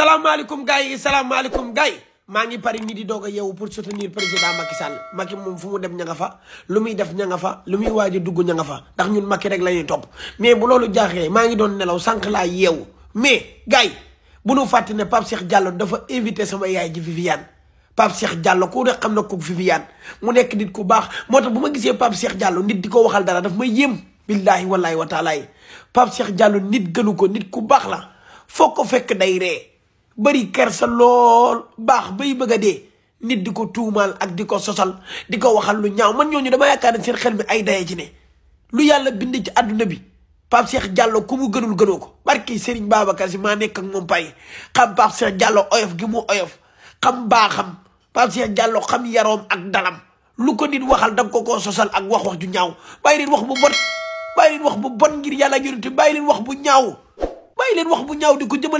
salam alaikum gay salam alaikum gay mangi pari ñi di doga yow pour soutenir président Macky Sall Macky mom fumu dem ñanga fa lu muy def ñanga fa lu muy waaj a dugg fa ndax ñun Macky rek lañuy top mais bu lolu jaxé mangi don nelaw sank la yew mais gay bu nu fatte ne Pape Cheikh Diallo dafa inviter sama yaay ji Viviane Pape Cheikh Diallo ku rek xamna na ko Viviane mu nek nit ku bax motax tax bu ma gisee Pape Cheikh Diallo nit diko waxal dara daf may yem billahi wallahi wa taala Pape Cheikh Diallo nit gënu ko nit ku bax la foko day ree bëri kersa lool baax bay bëgg a dee nit di ko tuumaal ak di ko sosal di ko waxal lu ñaaw man ñooñu dama yaakaar na seen xel mi ay daye ci ne lu yàlla bind ci àdduna bi Pape Cheikh Diallo ku mu gënul gënoo ko barki Serigne Babacar si ma nekk ak moom payi xam Pape Cheikh Diallo gi mu oyof xam baaxam Pape Cheikh Diallo xam yaroom ak dalam lu ko nit waxal da nga ko koo sosal ak wax wax ju ñaaw bàyyi leen wax bu bon bàyyi yàlla yonente bàyyi wax bu ñaaw leen wax bu ñaaw di ko jëmale